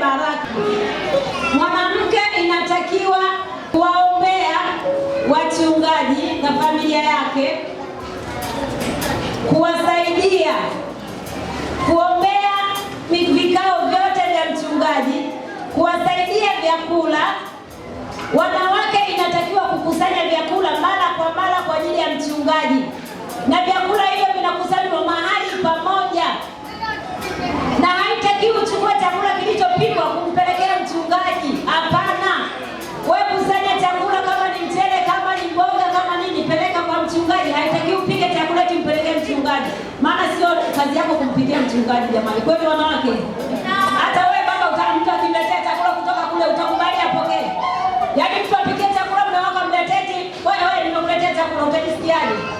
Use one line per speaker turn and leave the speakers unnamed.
baraka. Mwanamke inatakiwa kuwaombea wachungaji na familia yake, kuwasaidia kuombea vikao vyote vya mchungaji, kuwasaidia vyakula. Wanawake inatakiwa kukusanya vyakula mara kwa mara kwa ajili ya mchungaji. kazi yako kumpikia mchungaji jamani, kweli wanawake? Hata wewe baba, mtu akimletea chakula kutoka kule utakubali apokee? Yaani mtu apikie chakula mnawaka mleteti, wewe wewe, nimekuletea chakula, utajisikiaje?